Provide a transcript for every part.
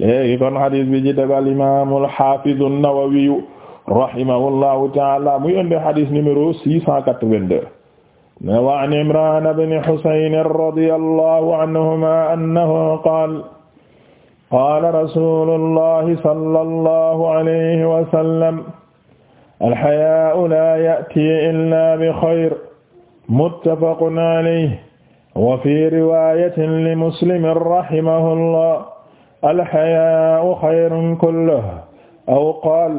léegi kon hadis bi ci tegal imaamu al-Haafidu Nawawi rahimahullahu ta'ala muy indi hadis numéro 682 ne wa an Imraan ibn Husayn radiyallahu anhuma annahu qaala qaala rasuulullahi sallallahu alayhi wa sallam al-hayaa'u laa ya'tii illaa bi khayr muttafaqun alayhi wa fii riwaayatin li Muslim rahimahullah alxayaau xayrun kulluhu aw qaal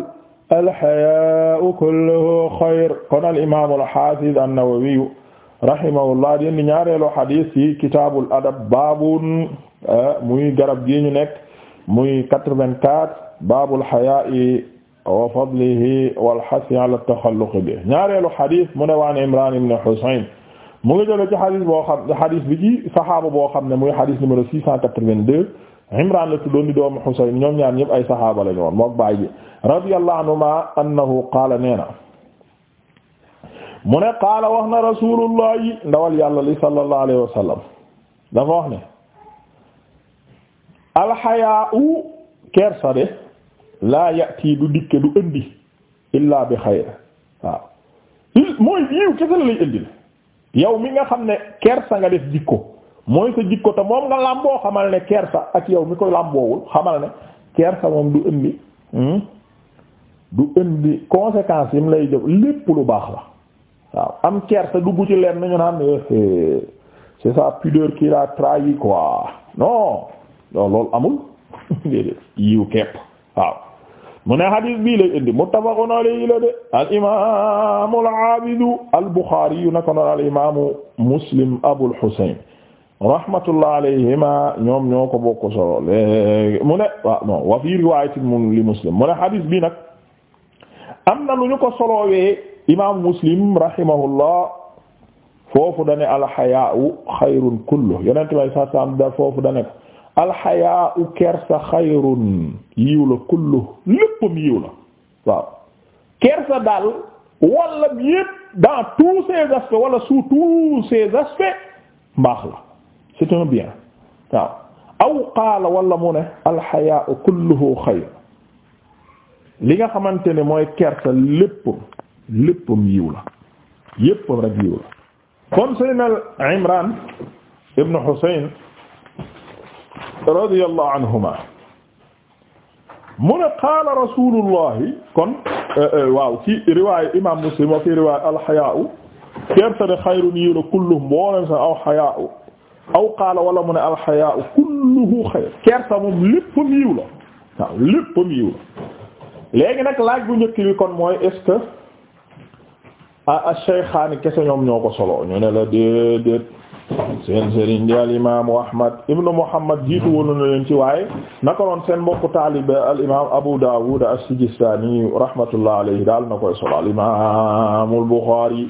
alxayaau kulluhu xayr kon alimamu alxafiz annawawiyu rahimahullah di indi ñaareelu xadis ci kitaabul adab baabun muy garab gi ñu nekk muy quatre-vingt-quatre baabul xayaa'i wa fadlihi wal xassi ala taxalluq bi ñaareelu xadis mu ne waan Imraan ibn Husayn mu ngi jëlee ci xadis boo xam xadis bi ci saxaaba boo xam ne muy xadis numéro six cent quatre-vingt-deux Imraan la tuddoon di doomu Husayn ñoom ñaar ñëpp ay saxaaba la ñu woon mook baay ji radiyallahu anhuma annahu qaala nee na mu ne qaala wax na rasulullah yi ndawal yàlla li sallallahu alayhi wa sallam dafa wax ne alxayaau kersa de laa yati du dikke du indi illaa bi xayr waaw mooy yiw kese la lay indil yow mi nga xam ne kersa nga def jikko mooy sa jikko moom nga làmboo xamal ne kersa ak yow mi koy làmboowul xamal ne kersa moom du indi hmm? du indi conséquence yi mu lay jëf lépp lu baax la waaw am kersa dugg ci leer nañu naan eh, eh, c'est sa pudeur qui l'a trahi quoi non non loolu amul yiw kepp waaw mu ne hadis bii lay indi muttafaqun alayhi la de al imaamul aabidu al buxaari yu naka noonu al imaamu muslim abul husayn rahmatullah alayhima ñoom ñoo ko bokk solo léegi mu ne waaw non wa fi riwaayatin mun li muslim mu ne xadis bi nag am na lu ñu ko soloowee imaamu muslim rahimahullah foofu dane alxayaau xayrun kullu yonent way sa sam da foofu dane ko alxayaau kersa xayrun yiw la kullu léppam yiw la waaw kersa daal wala yépp dans tous ces aspects wala sous tous ces aspects mbaax la c'est un bien waaw aw qaala mu ne alxayaau kulluhu xayr li nga xamante ne mooy kersa léppam léppam yiw la yéppam rek yiw la kon saydna imran ibnu husayn anhuma mu ne qaala rasulullahi kon eh, eh, waaw ci riwaayu imam muslim wa fi riwaayu alxayaau kersa de xayrun yiw la kulluhum boo leen sa aw xayaau aw qaala wala mu ne alxayaa kulluhu xayr kersa moom léppam yiw la waaw léppam yiw la léegi nag laaj bu njëkk bi kon mooy est-ce que ash-shaykhaani kese ñoom ñoo ko solo ñu ne la déedéet seen sëriñ di al imaamu ahmad ibnu muhammad jiitu woon na leen ci waaye naka noon seen mbokku taalibe al imaam abu daawud as-sijistaani rahmatullah alayhi daal na koy solo al imaamul buxaari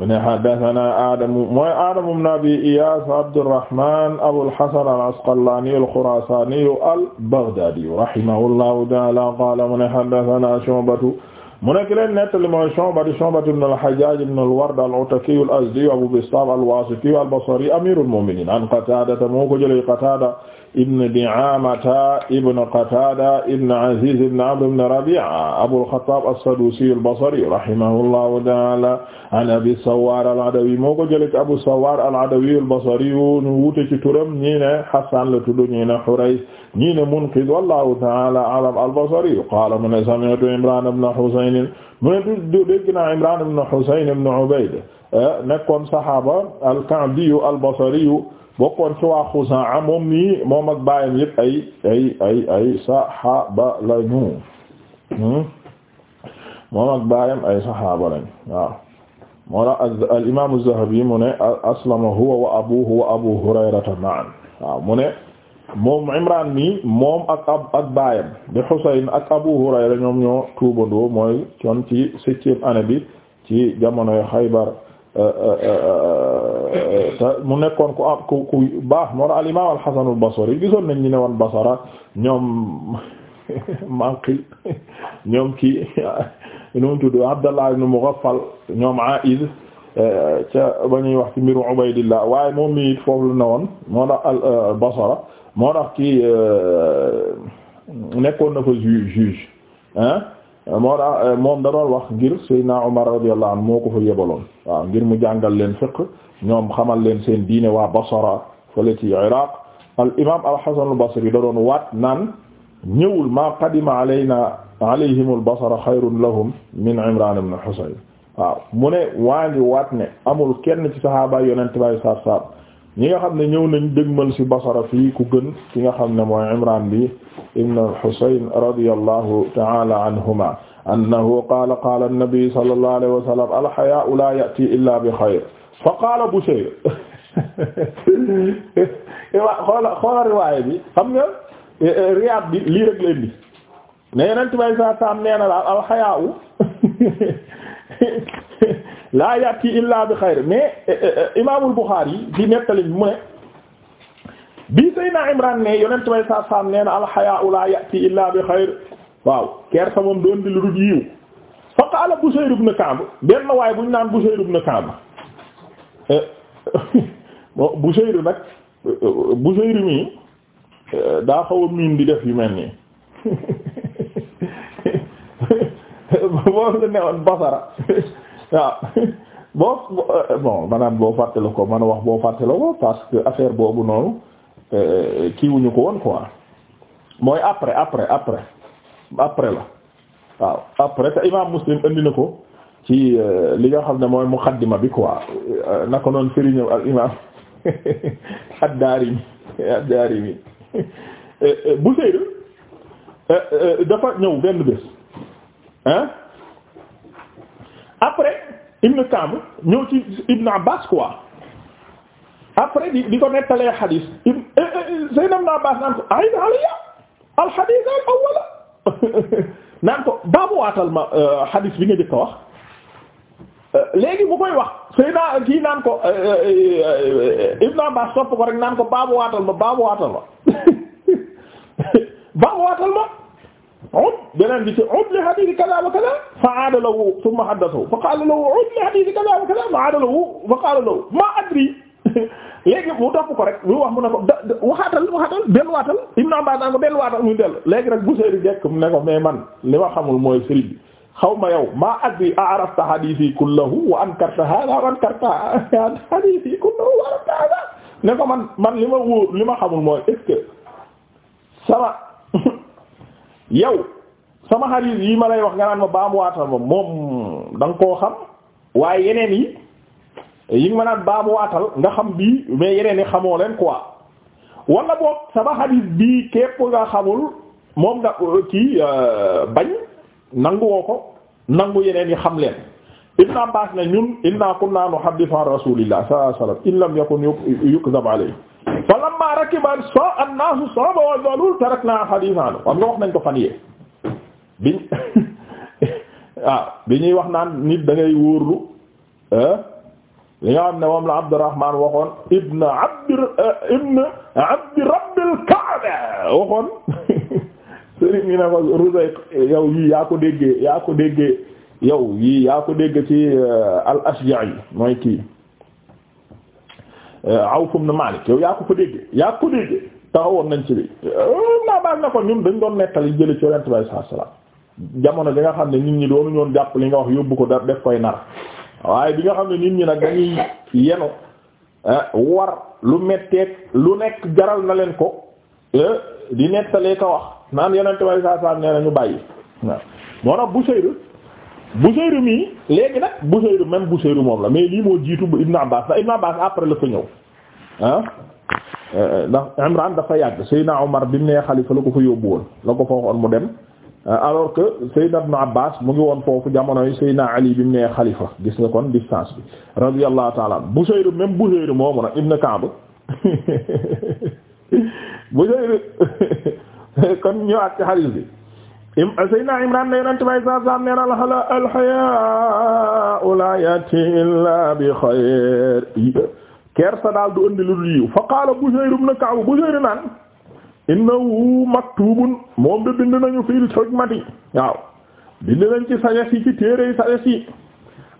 mune haddasanaa Aadamu mooy Aadamu ibn Abi Iyaas Abdurrahmaan Abul Hasan al-Asqalaani al-Khuraasaani al-Baghdaadi rahimahullahu ta'aala qaala mune haddasanaa Shu'batu mu nekk leen nettali mooy Shu'batu Shu'batu ibn al-Hajjaaj ibn al-Ward al-Ataki al-Azdi Abu Bistaam al-Waasiti al-Basri amiirul mu'miniin an Qataadata moo ko jëlee Qataada ibn Di'aamata ibn Qataada ibn Aziz ibn Amr ibn Rabi'a Abul Khattaab as-Saduusi al-Basri rahimahullahu ta'aala an Abi Sawwaar al-Adawi moo ko jëlee ci Abu Sawwaar al-Adawi al-Basri ñu wuute ci turam ñii ne Hassaan la tudd ñii ne Hurays ñii ne Munqidh wallaahu ta'aala a'lam al-Basri qaala mu ne sami'tu Imraan ibn Husayn mu ne dégg naa Imraan ibn Husayn ibn Ubayd eh, nekkoon saxaaba al-Ka'bi al-Basri bokkoon ci waa Xuzaa moom nii moom ak baayam yëpp ay ay ay ay saxaaba lañu hmm? moom ak baayam ay saxaaba lañu waaw moo la al imaam az-Zahabi mu ne aslama huwa wa abuhu wa abu Hurayrata ma'an waaw moom ak Abu Hurayra ñoom ñoo tuubandoo mooy kon ci septième année bi ci jamonoy Xaybar Euh, euh, euh, te mu nekkoon ku am ku ku baax moo al imaam al Hasan al gisoon nañ ñu ne woon Basra ñoom Maqil ñoom kii nu mu tudd Abdallah mu Mughaffal ñoom Aïd ca ba ñuy wax ci mbiru Ubaydillah waaye moom mii it foofu la ne woon moo tax al Basra moo tax kii nekkoon na ko juge juge moo euh, moom da wax ngir Seydina Umar radiyallahu anhu moo ko fa yebaloon waaw ngir mu jàngal leen fiqh ñoom xamal leen seen diine waa Basra fële ci Iraq al imaam al Hasan al Basri da doon waat naan ñëwul ma qadima alayna alayhim al Basra xayrun lahum min Imran ibn Husayn waaw mu ne waa ngi waat ne amul kenn ci sahaaba yonent bay sar sab ñi nga xam ne ñëw nañ dégmal ci Basra fii ku gën ki nga xam ne mooy Imran bi ibn al-Husayn radiyallahu ta'ala anhuma annahu qaala qaala an-nabi sallallahu alayhi wa sallam al-hayaa'u la ya'ti illa bi khayr fa qaala Bushayr xoola xoola riwaaya bi xam nga Riyaad bi lii rek leen bi ne Yonent bi sallallahu alayhi wa sallam nee na daal al-hayaa'u laa yàtti illa bi xayr mais eh, eh, eh, imaamul Buxaari di nettali mu ne bi Seydina Imran ne yonent bay saa saam nee na alxayaau laa yàtti illa bi xayr waaw kersa moom doon di lu dul yiw fa qaala Busayr ibn Ka'b benn waaye bu naan Busayr ibn Ka'b Busayr nag Busayr daa xaw a miin di def yu mel nii boobu la newoon Basara waaw ah. euh, boo bon maanaam boo fàttale ko man wax boo fàttale ko parce que affaire boobu noonu euh, kiiwuñu ko woon quoi mooy après après après après la waaw après te imam Muslim indi na ko ci euh, li nga xam ne mooy muqaddima bi quoi naka noonu sëriñam ak imam ad-Daarimi ad-Daarimi bu Seydu dafa ñëw benn bés hein après Ibn Ka'b ñëw ci Ibn Abbas quoi après di di ko nettalee xadis Ibn Seydina eh, eh, eh, Ibn Abbas naan ko ayib aliya al xadis al awwal naan ko baamuwaatal ma euh, xadis bi nga jëkk wax. Euh, léegi bu koy wax Seydina kii naan ko euh, Ibn Abbas topp ko rek naan ko baamuwaatal ma baamuwaatal ma baamuwaatal ma. ud beneen bi ci ud li hadiisi kaza wa kaza fa aada lahu thumma haddathahu fa qaala lahu ud li hadiisi kaza wa kaza fa aada lahu fa qaala lahu ma adri léegi mu topp ko rek mu wax mu ne ko waxaatal waxaatal delluwaatal Ibn Abbas naa ko delluwaatal muy dellu léegi rek bu seeri jekk mu ne ko mais man li ma xamul mooy sëriñ bi xaw ma yow ma adri a arafta hadiisi kullahu wa ankarta hada wa ankarta hadiisi kullahu wa ankarta hada ne ko man man li ma wóor li ma xamul mooy est-ce que sama yow sama xarit yi ma lay wax nga naan ma baamuwaatal ma moom da nga koo xam waaye yeneen yi yi nga ma naan baamuwaatal nga xam bii mais yeneen yi xamoo leen quoi wala boog sama xarit bii képp nga xamul moom nga kii euh, bañ nanguwoo ko nangu yeneen yi xam leen Ibn Abbas ne ñun inna kunna nuhaddithu an rasulillah sallallahu alayhi wasallam in lam yakun yukzab alayhi fa lamma rakiban so annaasu sooba wa zalul wax nañ ko fan yee biñ waaw ah, bi ñuy wax naan nit da ngay wóorlu eh? li nga xam ne moom la Abdurrahman waxoon ibn abdi eh, ibn abdi rabbil kaaba waxoon sëriñ mi ne ko Ruzayq yow yii yaa ko déggee yaa ko déggee yow yii yaa ko dégg ci eh, al Ashja'i mooy kii Euh, Awf ibn Malik yow yaa ko ko dégg yaa ko dégg taxawoon nañ ci bi naa euh, baag na ko ñun dañ doon nettali jële ci Yonent bi sallallahu alayhi wasallam jamono bi nga xam ne nit ñi doonu ñoon jàpp li nga wax yóbbu ko da def koy nar waaye bi nga xam ne nit ñi nag dañuy yenu euh, war lu metteek lu nekk jaral na leen ko di nettalee ko wax naan Yonent bi sallallahu alayhi wasallam nee na ñu bàyyi moo tax bu Busayri mii léegi nag Busayri même Busayri moom la mais lii moo jiitu Ibn Abbas ndax Ibn Abbas après la ko ñëw ah ndax Imran dafa yàgg Seydina Omar bi mu nee xalifa la ko fa yóbbu woon la ko fa waxoon mu dem ah, alors que Seydina Ibn Abbas mu ngi woon foofu jamonoy Seydina Ali bi mu nee xalifa gis nga kon distance bi radiyallahu ta'ala Busayri même Busayri moomu nag Ibn Ka'b Busayri kon ñëwaat ci xadiis bi Seydina Imran ne yonent bay saa saa nee na al laa ya'tii illaa bi xayr kersa daal du andi lu dul yiw fa qaala Bushayr ibn Ka'b Bushayr naan innahu maktuubun moom de bind nañu fil hikmati waaw bind nañ ci sagesse yi ci téere yi sagesse yi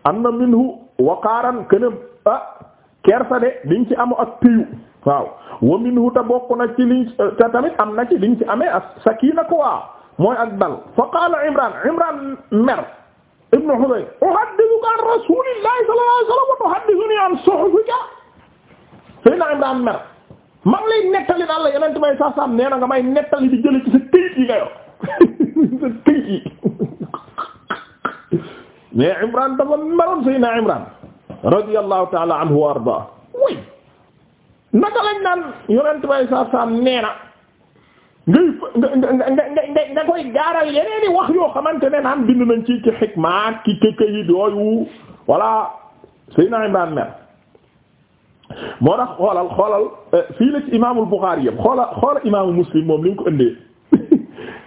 anna minhu waqaaran kenn ah kersa de diñ ci amu ak téyu waaw wa minhu te bokk na ci liñ tamit am na ci liñ ci amee as sakina ko waaw mooy ak dal fa qaala imran imran mer ibnu Hudayr uhaddithuka an rasulillahi sallallahu alayhi wasallam wa tuhaddithuni an suhufika sayna imran mer man lay nettali daal la yeneen may sax saam nee na nga may nettali di jële ci sa këyit yi nga yor sa këyit yi mais imran dafa meroon sayna imran radiyallahu ta'ala anhu wa arda way naka lañ naan yonent bay sax saam nee na ngay nga nga koy gaaral yeneen i wax yoo xamante ne naan bind nañ ci ci xikmaat ki ki kayit yooyu voilà Seydina Imraan mer moo tax xoolal xoolal eh, fii la ci imaamul Buxaari yëpp xoola xoola imaamu Muslim moom li mu ko indee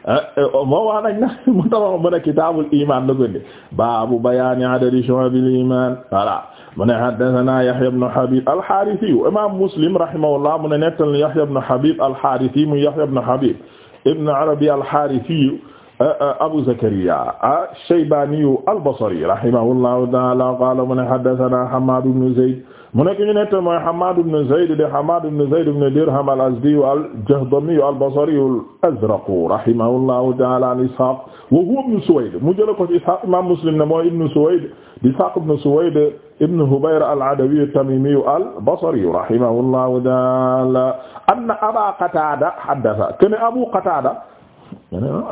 Euh, moo wax nañ na mu tabax mu ne kitaabul iman la gonde baabu bayaani adadi shu'abil iman voilà mu ne haddathana yahya ibn habib al-harisi imam muslim rahimahullah mu ne nettal yahya ibn habib al-harisi mu yahya ibn habib ibn arabi al-harisi euh, euh, abu zakariya ash-shaybani al-basri rahimahullahu ta'ala qala mu ne haddathana hammad ibn zayd mu nekk ñu nett mooy Hammad ibn Zayd de Hammad ibn Zayd ibn Dirham al-Azdi al-Jahdami al-Basri al-Azraq rahimahullahu ta'ala an Ishaq wa huwa ibn Suwayd mu jëla ko ci Ishaq imam Muslim ne mooy ibn Suwayd di Ishaq ibn Suwayd ibn Hubayr al-Adawi at-Tamimi al-Basri rahimahullahu ta'ala anna Aba Qatada haddatha kana Abu Qatada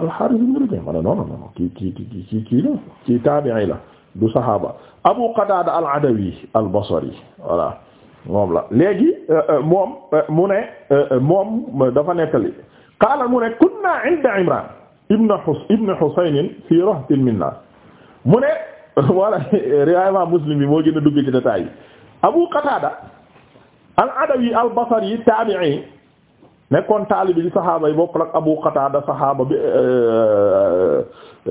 al-Harith ibn Rib'i ma ne non non kii kii kii kii kii la kii tabi'i la du saxaaba abu qataada al adawi al basri voilà moom la léegi euh, euh, moom euh, mu ne moom dafa nettali qaala mu ne kunna inda imran ibn hus ibn husayn fi rahtin minna mu ne wala riwaaya muslim bi moo gën a dugg ci détail yi abu qataada al adawi al basri tabi'i nekkoon taalibi di saxaaba yi bokkul ak Abu Qatada saxaaba bi euh,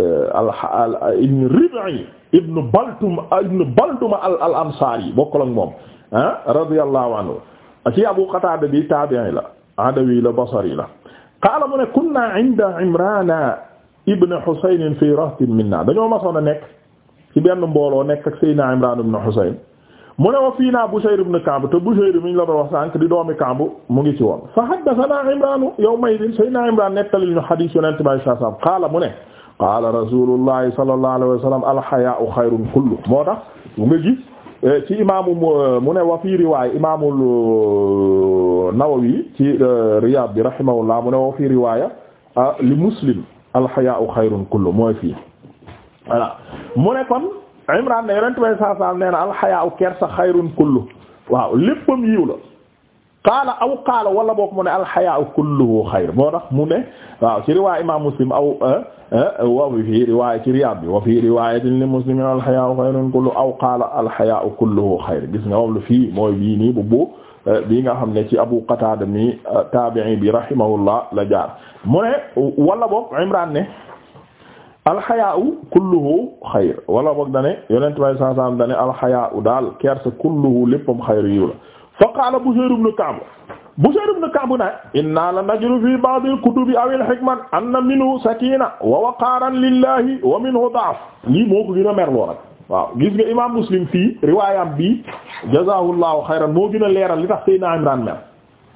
euh, al ibn Rib'i ibn Baltum ibn Baltuma al Ansari bokkul ak moom ah radiyallahu anhu ci Abu Qatada bi tabi'i la adawi la basri la qaala mu ne kunna inda Imrana ibn Husayn fi rahtin minna dañoo masoon a nekk ci benn mbooloo nekk ak Sayyidina Imran ibn Husayn mu ne wa fii naa Bushayr ibn Ka'b te Bushayr mi ñu la doon di doomi Ka'b mu ngi ci woon fa haddathana Imraan yawma idin sayyidina Imraan nettali ñu hadiis Yonent bi saa saam qaala mu ne qaala rasuulullahi sallallahu alayhi wa sallam al-hayaa'u xayrun moo tax mu nga gis eh, ci imaamu eh, mu ne wa fii riwaaya imaamul eh, Nawawi ci Riyaad bi rahimahullah mu ne wa fii riwaaya ah, li Muslim al-hayaa'u xayrun kullu mooy fii voilà mu ne kon Imraan ne yonent bay saa saa nee na alxayaa kersa xayrun kullu waaw léppam yiw la qaala aw qaala wala boog mu ne alxayaa kulluhu xayr moo tax mu ne waaw ci riwaay imaam Muslim aw ah, ah, wa fi riwaay ci Riyaad bi wa fi riwaayatin li Muslim alxayaa xayrun kullu aw qaala alxayaa kulluhu xayr gis nga moom la fii mooy bii nii bu bu ah, bii nga xam ne ci Abu Qataada mi taabi'i bi rahimahullah la jaar mu ne wala boog Imraan ne. alxayaau kulluhu xayr wala boog dane yonent bi saa saam dane alxayaau daal kersa kulluhu léppam xayr yiw la fa qaala Bushayr ibn Ka'b Bushayr ibn Ka'b ne inna la najru fi ba'd al-kutubi aw al-hikam anna minhu sakina wa waqaaran lillahi wa minhu da'f lii moo ko gën a merloo nag waaw gis nga imam Muslim fii riwaayam bi jazaahu llahu xayran moo gën a leeral li tax Seydina Imraan mer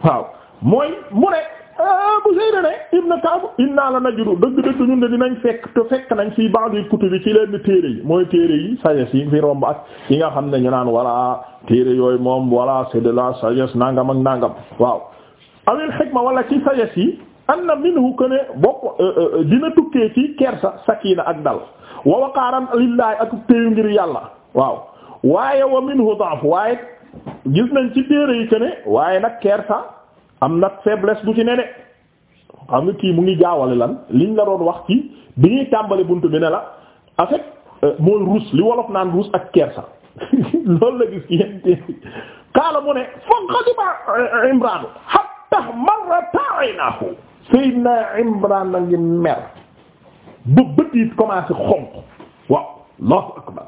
waaw mooy mu ne Ah, Busayr ne ibn Ka'b inna la najru dëgg-dëgg ñun de dinañ fekk fekk nañ fi ba'di kutubi ci leen téere yi mooy téere yi sagesse yi fi romb ak yi nga xam ne ñu naan walla téere yooyu moom walla c'est de la sagesse nangam ak nangam waaw awil hikma wala ci sagesse yi anna minhu que ne bokk euh, euh, dina tukkee ci kersa sakina ak dal wa waqaaran lillahi ak téyu ngir yàlla waaw waaye wa minhu da'f waaye gis nañ ci téere yi que waaye nag kersa am nag faiblesse du ci ne de xam kii mu ngi jaawale lan liñ la doon wax ci bi ñuy tàmbali bunt bi ne la en fait euh, mooy ruus li wolof naan ruus ak kersa loolu la gis yéen tey kaala mu ne foog xasima euh, Imraan hatta marrata aynahu Seydina Imraan na ngi mer ba bët yi commencé xonq waaw Allahu akbar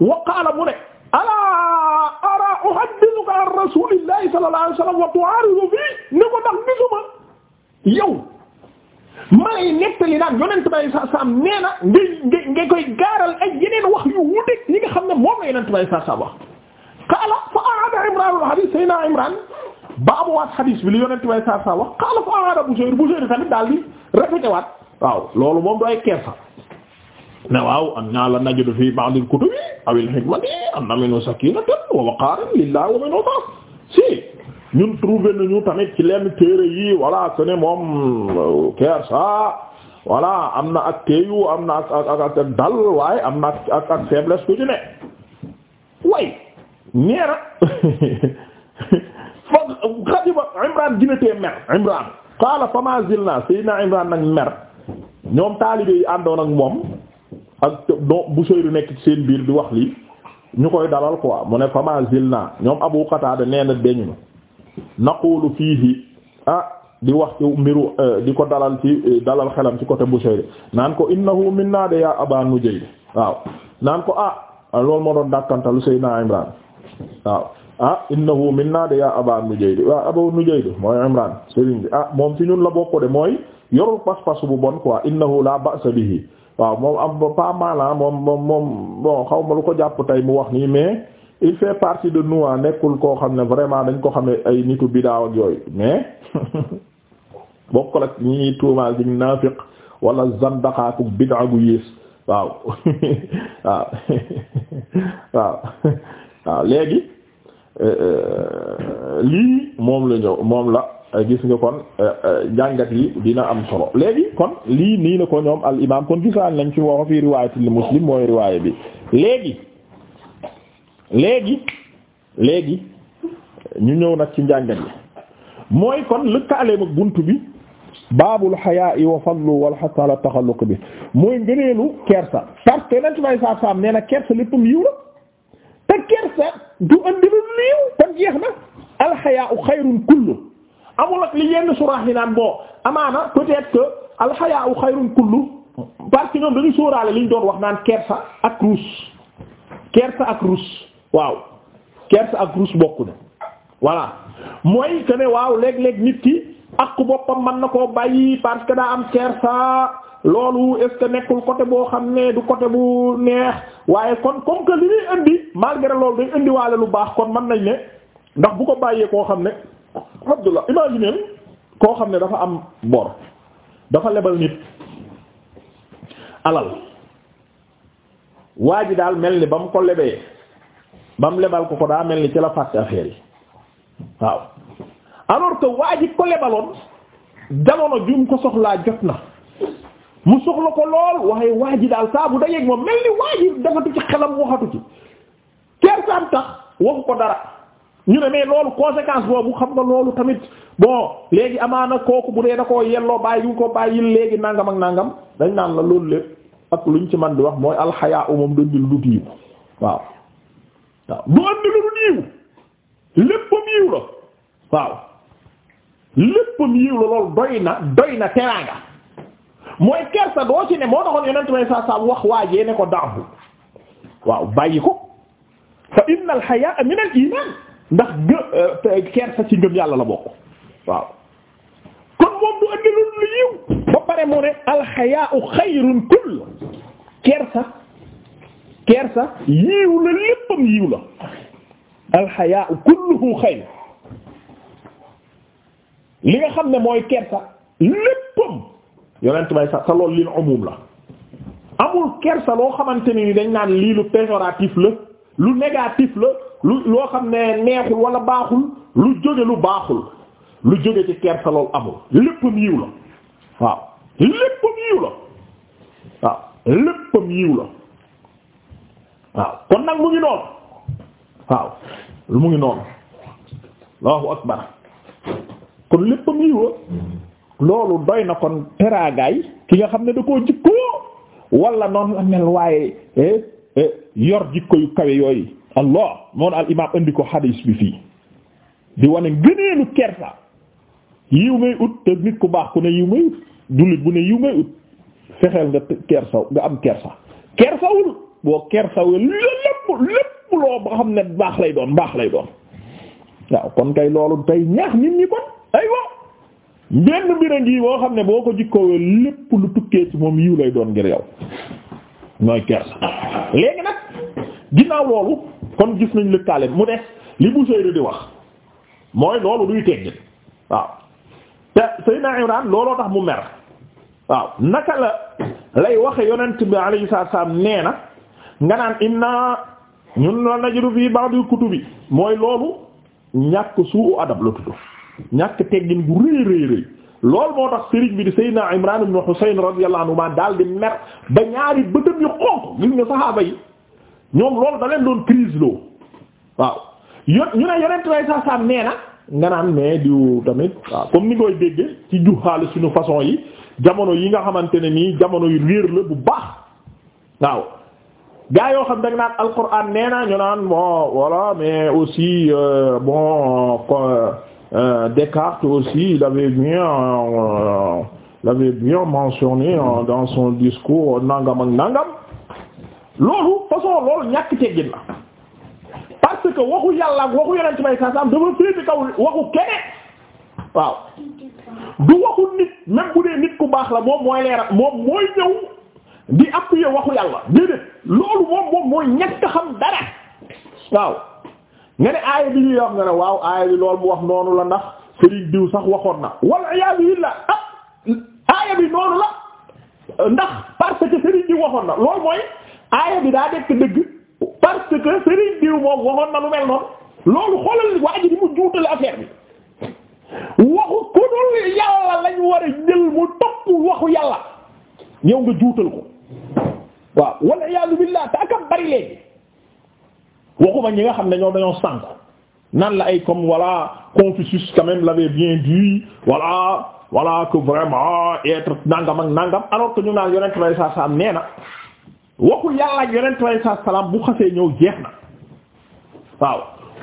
wa qaala mu ne. alaa ara uhaddithuka an rasulillahi sallallahu alayhi wasallam wa tu'aridu fii ne ko ndax gisuma yow ma lay naan yonent bay sa saam nee na nga nga koy gaaral ay yeneen wax yu wuute yi nga xam ne moom la yonent bay sa saam wax qaala fa aada imran al hadith sayna imran ba amuwaat hadith bi li yonent bay sa saam wax qaala fa aada Bushayr Bushayr tamit daal di répété waat waaw loolu moom dooy kersa ne waaw am naa la najudu fii kutubi awil hikmati am na minu sakinatan wa waqaran lillahi wa minu taaf tamit ci lenn téere yi voilà que ne moom kersa euh, voilà am na ak teeyu am na ak ak dal waaye am na ak ak ak faiblesse way neera foog xadiba Imran mer qaala fa ma zilna nag mer ñoom taalibe yi àndoon ak moom ak do Busayr nekk ci seen biir di wax lii ñu koy dalal quoi mu ne fama zilna ñoom Abu Qatada nee na deñu naqulu fiihi ah di wax ci mbiru eh, di ko dalal ci eh, dalal xelam ci côté Busayr naan ko innahu minna de yaa Aba Nujayr waaw naan ko ah loolu moo doon dàkkantalu Seydina Imran waaw ah innahu minna de yaa Aba Nujayr waaw Abu Nujayr mooy Imran Serigne bi ah moom ci ñun la bokk de mooy yorul pas-pas bu bon quoi innahu la ba'sa bihi waaw moom am pas mal ah, moom moom moom bon xaw ma lu ko jàpp tey mu wax nii mais il fait partie de nous ah, nekkul koo xam ne vraiment dañ ko xam ne ay nitu bidaaw ak yooyu mais bokkul ak ñi ñuy tuumaal di naafiq wala zandaqaaku bidaa gu yées waaw waaw waaw waaw léegi euh, euh, lii moom la ñëw moom la. Euh, gis nga kon euh, euh, jàngat yi dina am solo léegi kon lii nii la ko ñoom al imam kon gisaan lañ ci wa fi riwaayatil li muslim mooy riwaaya bi léegi léegi ñu ñëw nag ci njàngat yi mooy kon lëkkaaleem ak bunt bi baabul xayaa wa fadlu wal xas ala bi mooy ngëneelu kersa parce que nanti may saab saab na kersa léppam yiw la te kersa du andi lu liiw kon jeex na alxayaa xayrun kullu amul ak li yenn suraax yi naan bon amaana peut-être que alxayaa u xayrun kullu parce que ñoom dañu sóoraale li doon wax naan kersa ak ruus kersa ak ruus waaw kersa ak ruus bokku na voilà mooy que ne waaw léeg-léeg nit ki ak boppam mën na koo bàyyi parce que daa am kersa loolu est nekkul côté boo xam ne du côté bu neex waaye kon comme que li ñuy indi malgré loolu dañ indiwaale lu baax kon mën nañ ne ndax bu ko bàyyee koo xam ne. Abdullah imagine koo xam ne dafa am bor dafa lebal nit alal waa ji daal mel ni ba mu ko lebee ba mu lebal ko ko daa mel ni ci la fàtte affaire yi waaw alors que waa ji ko lebaloon jamono jum ko soxlaa jot na mu soxla ko lool waaye waa ji daal saa bu moom mel ni waa ji dafatu ci xelam waxatu ci kersaam tax waxu ko dara ñu ne mais loolu conséquence boobu xam nga loolu tamit bon léegi amaana kooku bu dee da koo yelloo bàyyi du ko bàyyi léegi nangam ak nangam dañ naan la loolu lépp ak luñ ci man di wax mooy alxayaa moom du ëndi lu dul yiw waaw waaw du ëndi lu dul yiw léppam yiw la waaw léppam yiw la loolu doy na doy na teraanga mooy kersa doo ci ne moo taxoon yonent may saa wax waajee ne ko daaxu waaw bàyyi ko fa inna alxayaa min al iman ndax gë euh, kersa ci ngëm yàlla la bokk waaw kon moom du andi lu yiw ba pare mu ne alxayaau xayrun kull kersa kersa yiiw la léppam yiiw la alxayaau kulluhu xayr li nga xam ne mooy kersa léppam yonent bay sax sa lool lil umum la amul kersa loo xamante ne ni dañ naan lii lu péjoratif la lu négatif lu loo xam ne neexul wala baaxul lu jóge lu baaxul lu jóge ci kersa loolu amul léppam yiw la waaw léppam yiw la waaw léppam yiw la waaw kon nag mu ngi noonu waaw mu ngi noonu allahu akbar kon léppam yiw loolu doy na kon teraagaay ki nga xam ne da koo jikkoo wala noonu la mel waaye eh, eh, yor jikko yu kawe yooyu allah noonu al imaam indi ko xadiis bi fii di wane ngëneelu kersa yiw ngay ut te nit ku baax ku ne yiw ngay ut jullit bu ne yiw ngay ut fexeel nga kersa nga am kersa kersawul boo kersawul lépp lépp loo ba xam ne baax lay doon baax lay doon waaw kon kay loolu tey ñaax nit ñi kon aywa benn mbir a ngi boo xam ne boo ko jikkoowee lépp lu tukkee ci moom yiw lay doon ngir yow mooy kersa léegi nag ginnaaw loolu kon gis nañ lëkkaale mu des li Busayri di wax mooy loolu duy teggin waaw te Seydina Imran looloo tax mu mer waaw naka la lay waxe yonent bi alayhi salaam nee na nga naan inna ñun la najidu fii ba'du kutubi mooy loolu ñàkk suu adab la tudd ñàkk teggin bu rëy rëy rëy loolu moo tax sëriñ bi di Seydina Imran ibn Husayn radiyallahu anhu daal di mer ba ñaari bëtëm yu xonq gis nga saxaaba yi ñoom loolu da doon crise loo waaw yon ñu ne yonent bay saa saam na nga naan mais diw tamit waaw comme ni koy dégge ci juxaale suñu façon yi jamono yi nga xamante ne nii jamono yu réer la bu baax waaw gaa yoo xam dag naan alquran nee na ñu naan bon voilà mais aussi euh, bon euh, euh, Descartes aussi il bien il bien mentionné dans son discours nangam ak nangam loolu façon loolu ñàkk teggin la parce que waxu yàlla ak waxu yonent bay saasaam dafa féete kaw waxu keneen waaw du waxu nit même bu dee nit ku baax la moom mooy leeral moom mooy ñëw di appuyer waxu yàlla déedéet loolu moom moom mooy ñàkk xam dara waaw nga ne aaya bi ñuy wax nga ne waaw aaya bi loolu mu wax noonu la ndax sëriñ diw sax waxoon na walla yaa bi la ah aaya bi noonu la ndax parce que sëriñ diw waxoon na loolu mooy aaya bi daa nekk dëgg parce que Serigne diw moom waxoon na lu mel noonu loolu xoolal waa ji mu juutale affaire bi waxu ku dul yàlla lañ war a jël mu topp waxu yàlla ñëw nga juutal ko waaw wala iyaazu billaah te akam bari léegi waxuma ñi nga xam ne ñoom dañoo sànk nan la ay comme voilà Confucius quand même l'avait bien dit voilà voilà que vraiment être nangam ak nangam alors que ñu naan yonent lay sa sam nee na waxu yàlla ak yonent bi saa salaam bu xasee ñëw jeex na waaw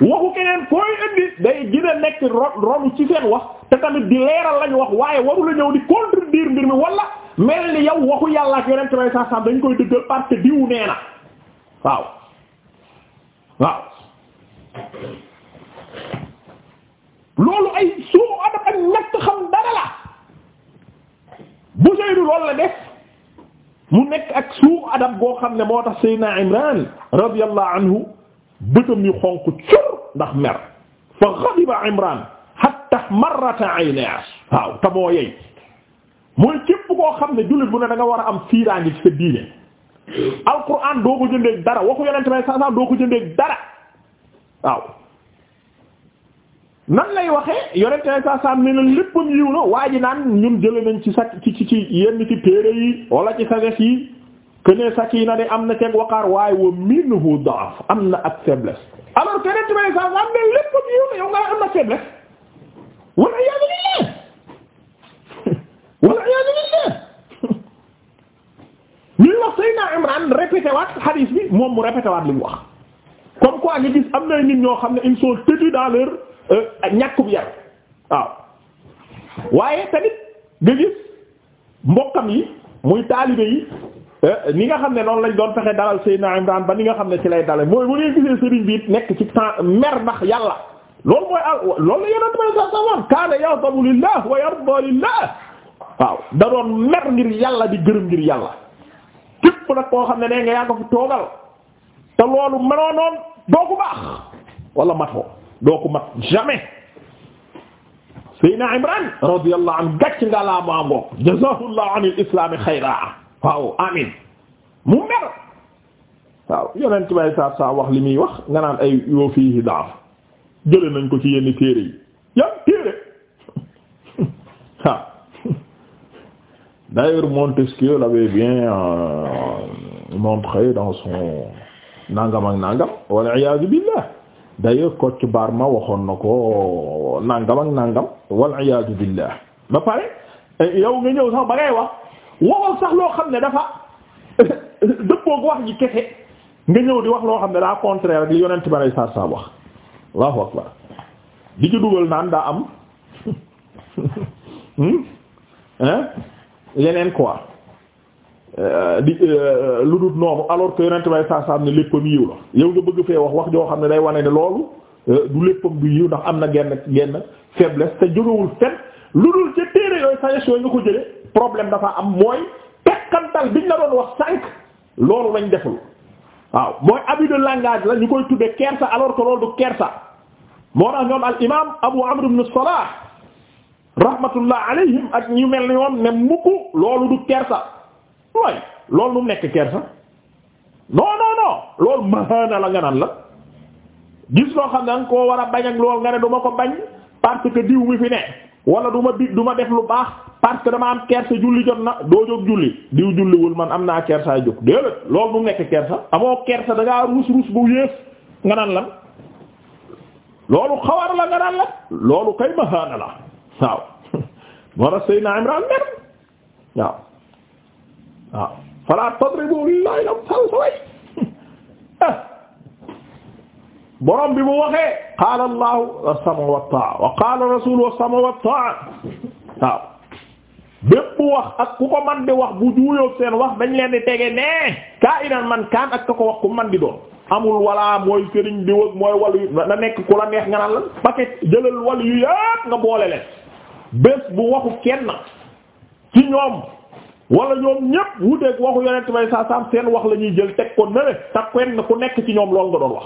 waxu keneen koy indi day gina nekk ro- ronu ci seen wax te tamit di leeral lañu wax waaye waru la ñëw di contredire mbir mi walla mel ni yow waxu yàlla ak yonent bi salaam dañ koy dëggal parce que diw nee na waaw waaw loolu ay suu adam ak ñàkk xam dara la bu seydu loolu la def mu nekk ak suu adab goo xam ne moo tax Seydina Imran radiyallahu anhu bëtam yu xonq cur ndax mer fa ghadiba Imran hatta marrata aynaas waaw te moo yey mooy képp koo xam ne jullit bu ne da nga war a am fiiraangi ci sa diine alquran doo ko jëndeeg dara waxu yonente may sa sa doo ko jëndeeg dara waaw nan lay waxe yonent ay saa saa ne yiw na waa ji naan ñun jële nañ ci sa ci ci ci yenn ci téere yi wala ci sagesse yi kënee sakina de am na ceeg waqaar waaye wa minhu da'af am na ak faiblesse alors que yonent ay saa saa ne léppam yiw na yow nga am na faiblesse walla iyaadu billaah walla iyaadu billaah ñuy wax Seydina Imran répété waat hadith bi moom mu répété waat li mu wax comme quoi am na nit ñoo xam ne ils sont têtus dans Euh, ñàkkub yar waaw waaye tamit nga gis mbokkam yi muy taalibe yi euh, ni nga xam ne noonu lañ doon fexe dalal Seydina daan ba ni nga xam ne ci lay dalal mooy bu nee gisee sëriñ bi nekk ci temps mer ndax yàlla loolu mooy al loolu la yonent may sa salam kaana yardabu lillah wa yarda lillah waaw da doon mer ngir yàlla di gërëm ngir yàlla képp nag koo xam ne ne nga yaa ko fi toogal te loolu mënoo noon doo ko baax wala matoo doo ko mat jamais Seydina Imran radiyallahu anhu gàcc nga laa ma ngoog jazahullahu anil islami xayra mu mer waaw yonent bay saab saa wax li muy wax nga naan yoo fii daaf jële nañ ko ci yenn téere yi yan téere waaw d'ailleurs Montesquieu l'avait bien euh, montré dans son nangam ak nangam wal iyaazu billah day d'ailleurs Kocc ma waxoon na ko nangam ak nangam wal iyaadu billah ba pare eh, yow nga ñëw sax ba ngay wax waxal sax loo xam ne dafa dëppoog wax ji kese nga ñëw di wax loo xam ne daa contraire ak li yonent ba lay saar saa wax allahu akbar di ci dugal naan daa am hmm, leneen quoi Euh, di euh, lu dul noonu alors que yonent bay saa saa am ne léppam yiw la yow nga bëgg fee wax wax joo xam ne day wane ne loolu euh, du léppam du yiw ndax am na genn genn faiblesse te jógewul fen lu dul ca téere yooyu sagesse yooyu nga ko jële problème dafa am mooy bi biñ la doon wax sànq loolu lañ deful waaw mooy abus de la ñu koy tuddee kersa alors que loolu du kersa moo tax ñoom al imam Abu Amr ibn Salah rahmatullah alayhim ak ñu mel ni ñoom ne mukk loolu du kersa waaye loolu nu mu nekk kersa non non non loolu maana la nga la gis loo xam ne danga koo war a bañ ak loolu nga ne du ko bañ parce que diw mi fi ne wala duma ma bi du ma def lu baax parce que dama am kersa julli jot na doo jóg julli diw julliwul man am naa kersa jóg déedéet loolu mu nekk kersa amoo kersa da ngaa ruus ruus bu yées nga lan loolu xawar la nga naan la loolu kay maana la waaw war a sëy na Imran mer waaw waaw ah. fala tadribu lillahi al-amsal sa eh. borom bi mu waxee qaala allahu as-sam'u wat-ta'a wa qaala rasulu was-sam'u wat-ta'a waaw wax ak ku ko man di wax bu juuyoo seen wax dañ leen di tege nee kaa'inan man kaan ak ka ko wax ku man di doon amul wala mooy sëriñ di wëg mooy wàllu na nekk ku la neex nga naan lan paquet jëlal wàllu yu nga boole leen bés bu waxu kenn ci ñoom wala ñoom ñépp wuteeg waxu yonent bay saa saam wax la ñuy jël teg ko nele te kenn ku nekk ci ñoom loolu nga doon wax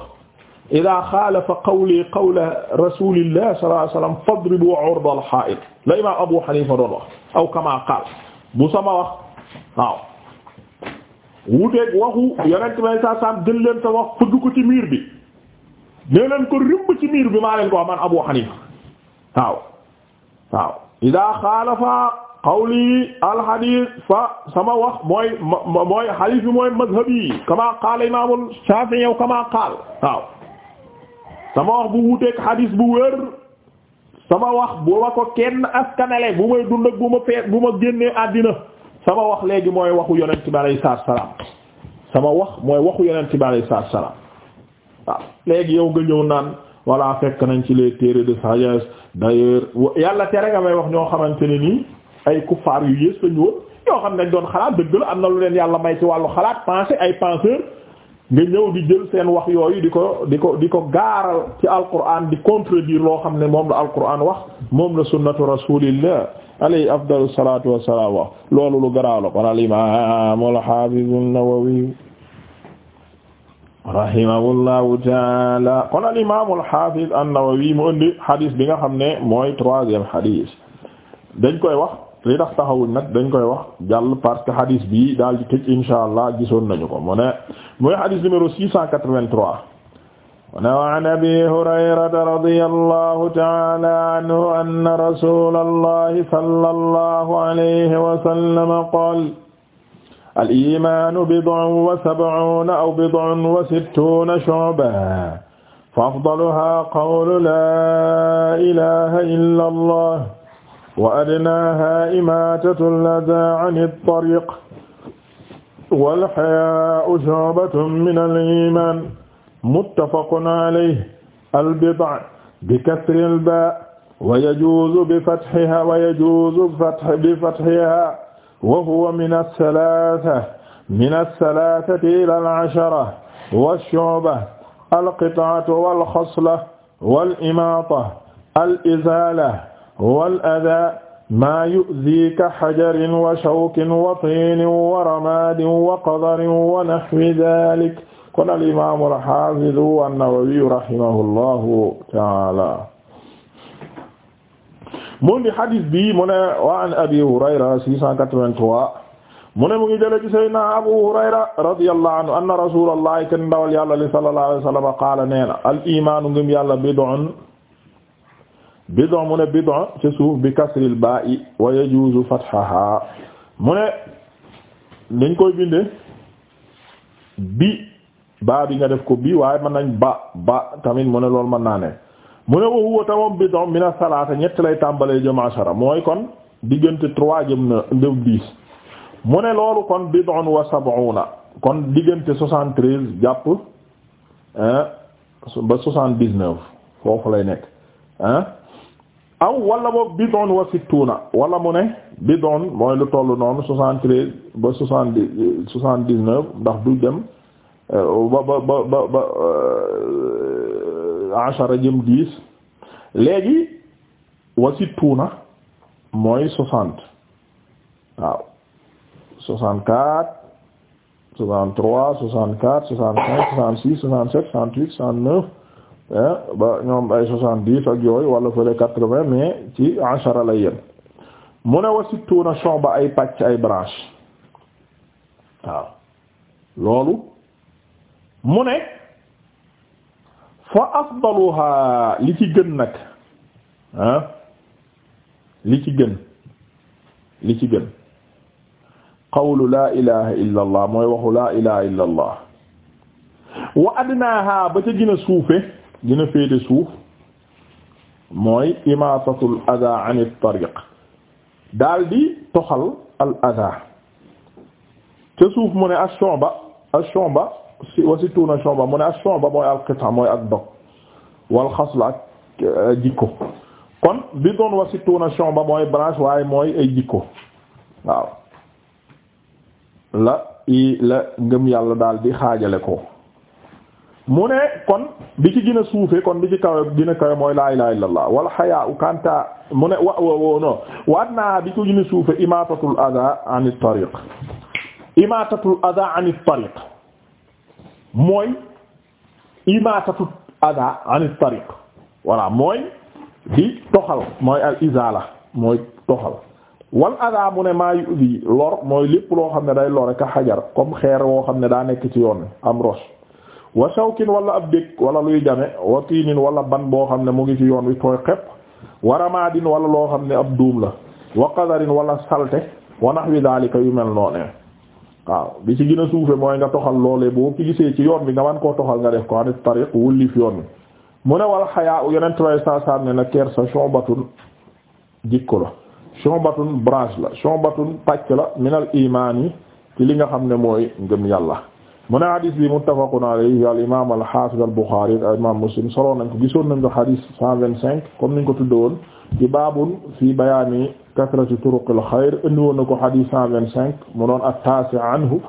ida xaalafa qawli qawla rasulillah sallallahu alayhi wasallam fadribu urda a haid la imam abu hanifa doon wax aw kama qaal bu sama wax waaw wuteeg waxu yonent bay saa saam jël sa wax fëgg ko ci miir bi nee leen ko rimb ci miir bi maa leen ko wax man abu hanifa waaw waaw ida xaalafa qawli alxadiis fa sama wax mooy mooy xadiis bi mooy mazhabi kamaa qaala imaamul Shaafi'i yow kamaa qaal waaw sama wax bu wuteeg xadiis bu wér sama wax bu ma ko kenn askanale bu may dund bu ma feet bu ma génnee àddina sama wax léegi mooy waxu yonent bi alayhi salaatu salaam sama wax mooy waxu yonent bi alayhi salaatu salaam léegi yow nga ñëw naan voilà fekk nañ ci les téere de sagesse d'ailleurs yàlla tere nga may wax ñoo xamante ne nii. ay kuffaar yu yées woon yoo xam ne dañ doon xalaat dëgg la am na lu leen yàlla may ci wàllu xalaat pensé ay penseur nga ñëw di jël seen wax yooyu di ko di ko di ko gaaral ci alquran di contredire loo xam ne moom la alquran wax moom la sunnatu rasulillah alayhi afdalu salatu wassalam wax loolu lu garaaw la kon al imam al hafiz an-nawawi rahimahullahu taala kon al imam al hafiz an-nawawi mu indi hadith bi nga xam ne mooy troisième hadith dañ koy wax li tax taxawuñ nag dañ koy wax jàll parce que hadis bi daal di tëj insha allah gisoon nañu ko mu ne mooy hadis numéro 683 mu ne wa an abi hurayrata radiyallahu ta'ala anhu anna rasulallahi sallallahu alayhi wa sallam qala al imanu bid'un wa sab'una aw bid'un wa sittuna shu'batan fa afdaluha qawlu la ilaha illa allah wa adnaaha imaatatu ladaa an at-tariiq wal hayaa'u shu'batun min al-iimaan muttafaqun alayhi al-bid'a bi kasri al-baa wa yajuuzu bi fathihaa wa yajuuzu bi fathihaa wa huwa min as-salaasa min as-salaasati ilaa al-ashara wash-shu'ba al-qit'atu wal-khasla wal-imaata al-izaala wal adaa maa yu'dii ka hajarin wa shawkin wa tiinin wa ramaadin wa qadarin wa nahwi daalik kon al imaam al haafiz an-Nawawi rahimahullahu ta'aala mu ngi hadis bi mu ne wa an Abi Hurayra 683 mu ne mu ngi jële ci Seydina Abu Hurayra radiyallahu anhu anna rasuulallahi kan dawal yàlla li sallallahu alayhi wa sallam qaala nee na al iimaanu ngëm yàlla bid'un bidon mu ne bidon ci suuf bi kasril ba'i wa yajuzu fathaha mu ne dañ koy binde bi ba bi nga def ko bi waaye mën nañ ba ba tamit mu ne loolu mën naa ne mu ne wa huwa tamam bidon mina salaata ñett lay tàmbalee jëm ashara mooy kon diggante trois jëm na jëm dix mu ne loolu kon bidon wa sab'una kon diggante soixante treize jàpp ba soixante dix foofu lay nekk ah aw wala boog bidon wa situna wala mu ne bidon mooy lu toll noonu soixante treize ba soixante dix soixante dix neuf ndax du dem euh, ba ba ba ba ba euh, ashara jëm dix léegi wa situna mooy soixante waaw soixante quatre soixante trois soixante quatre soixante cinq soixante six soixante sept soixante huit soixante neuf Eh, ba ñoom ay soixante-dix ak yooyu wala fële quatre-vingt mais ci ashara la yem mu ne wasittuuna shu'ba ay pàcc ay branche waaw loolu mu ne fa afdaluha li ci gën nag ah li ci gën li ci gën qawlu laa ilaha illa allah mooy waxu la ilaha illa allah wa adnaha ba ca gën suufe gën a féete suuf mooy imaatatul adaa an at-tariq daldi toxal al adaa te suuf mu ne ash-shu'ba ash-shu'ba si wa situna shu'ba mu ne ash-shu'ba mooy al mooy ak dog wal xasl ak euh, jikko kon bi doon wa situna shu'ba mooy branche waaye mooy ay jikko waaw la i la ngëm yàlla daal di xaajale ko mu ne kon bi ci gën a suufe kon bi ci kawe gën a mooy laa ilaha illallah wal hayaa kanta mu ne wa wa non waat naa bi ci gën a suufe imatatul adha an at-tariq imatatul adha an at-tariq mooy imatatul adha an at-tariq voilà mooy di toxal mooy al izala mooy toxal wal adha mu ne maa yu'di lor mooy lépp loo xam ne day lore ka xajar kom xeer woo xam ne daa nekk ci yoon am roche wa shawkin wala ab dég wala luy jame wa tiinin wala ban boo xam ne mu ngi ci yoon wi tooy xepp wa ramaadin wala loo xam ne ab duum la wa qadarin wala salte wa wi daalika yu mel noonu waaw bi ci gën a mooy nga toxal loolee boo ci gisee ci yoon bi nga man koo toxal nga def ko anit tariq wullif yoon wi mu ne wal xayaa u yeneen way saa saa ne na kersa shombatun jikko la shombatun branche la shombatun pàcc la minal imaan yi ci li nga xam ne mooy ngëm yàlla mu ne hadis bi muttafaqun alayhi al imam al hafiz al Bukhari al imam Muslim solo nañ ko gisoon nañ ko hadis cent vingt cinq comme niñ ko tudde woon ci baabun fi bayaani kasrati turuqil xayr indi woon na ko hadis cent vingt cinq mu doon at-taasi anhu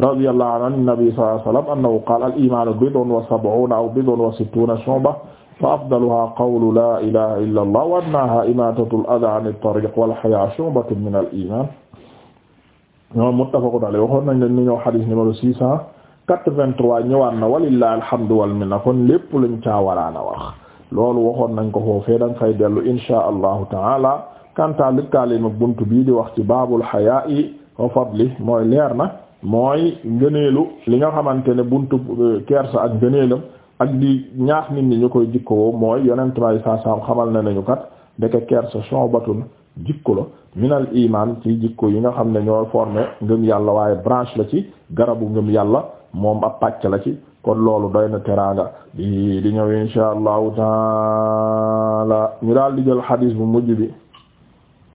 radiyallahu anhu an-nabi sallallahu alayhi wa sallam annahu qaala al imaanu bid'un wa sab'uuna aw bid'un wa sittuuna shu'ba fa afdaluha qawlu laa ilaha illa allah wa adnaaha imaatatu al adaa an at-tariiq wal hayaa shu'batun min al iimaan ñoom muttafaqun alayhi waxoon nañ leen ni ñëw hadis numéro six cent quatre-vingt-trois ñëwaat na walillahi alhamdu wal minna kon lépp lañ caa waraana wax loolu waxoon nañ ko foofee dañ fay dellu inshaa allahu taala kanta lëkkaaleem ak buntu bii di wax ci baabul hayaa'i wa fadli mooy leer na mooy ngëneelu li nga xamante ne buntu kersa ak ngëneelam ak di ñaax nit ñi ñu koy jikkoo mooy yonent bay xamal na nañu kat ndeke kersa soobatu jikko la minal iman ci jikko yi nga xam ne ñoo formé ngëm yàlla waaye branche la ci garabu yàlla moom ab pàcc la ci kon loolu doy na teraanga di di ñëw insha allahu taala ñu daal di jël xadiis bu mujj bi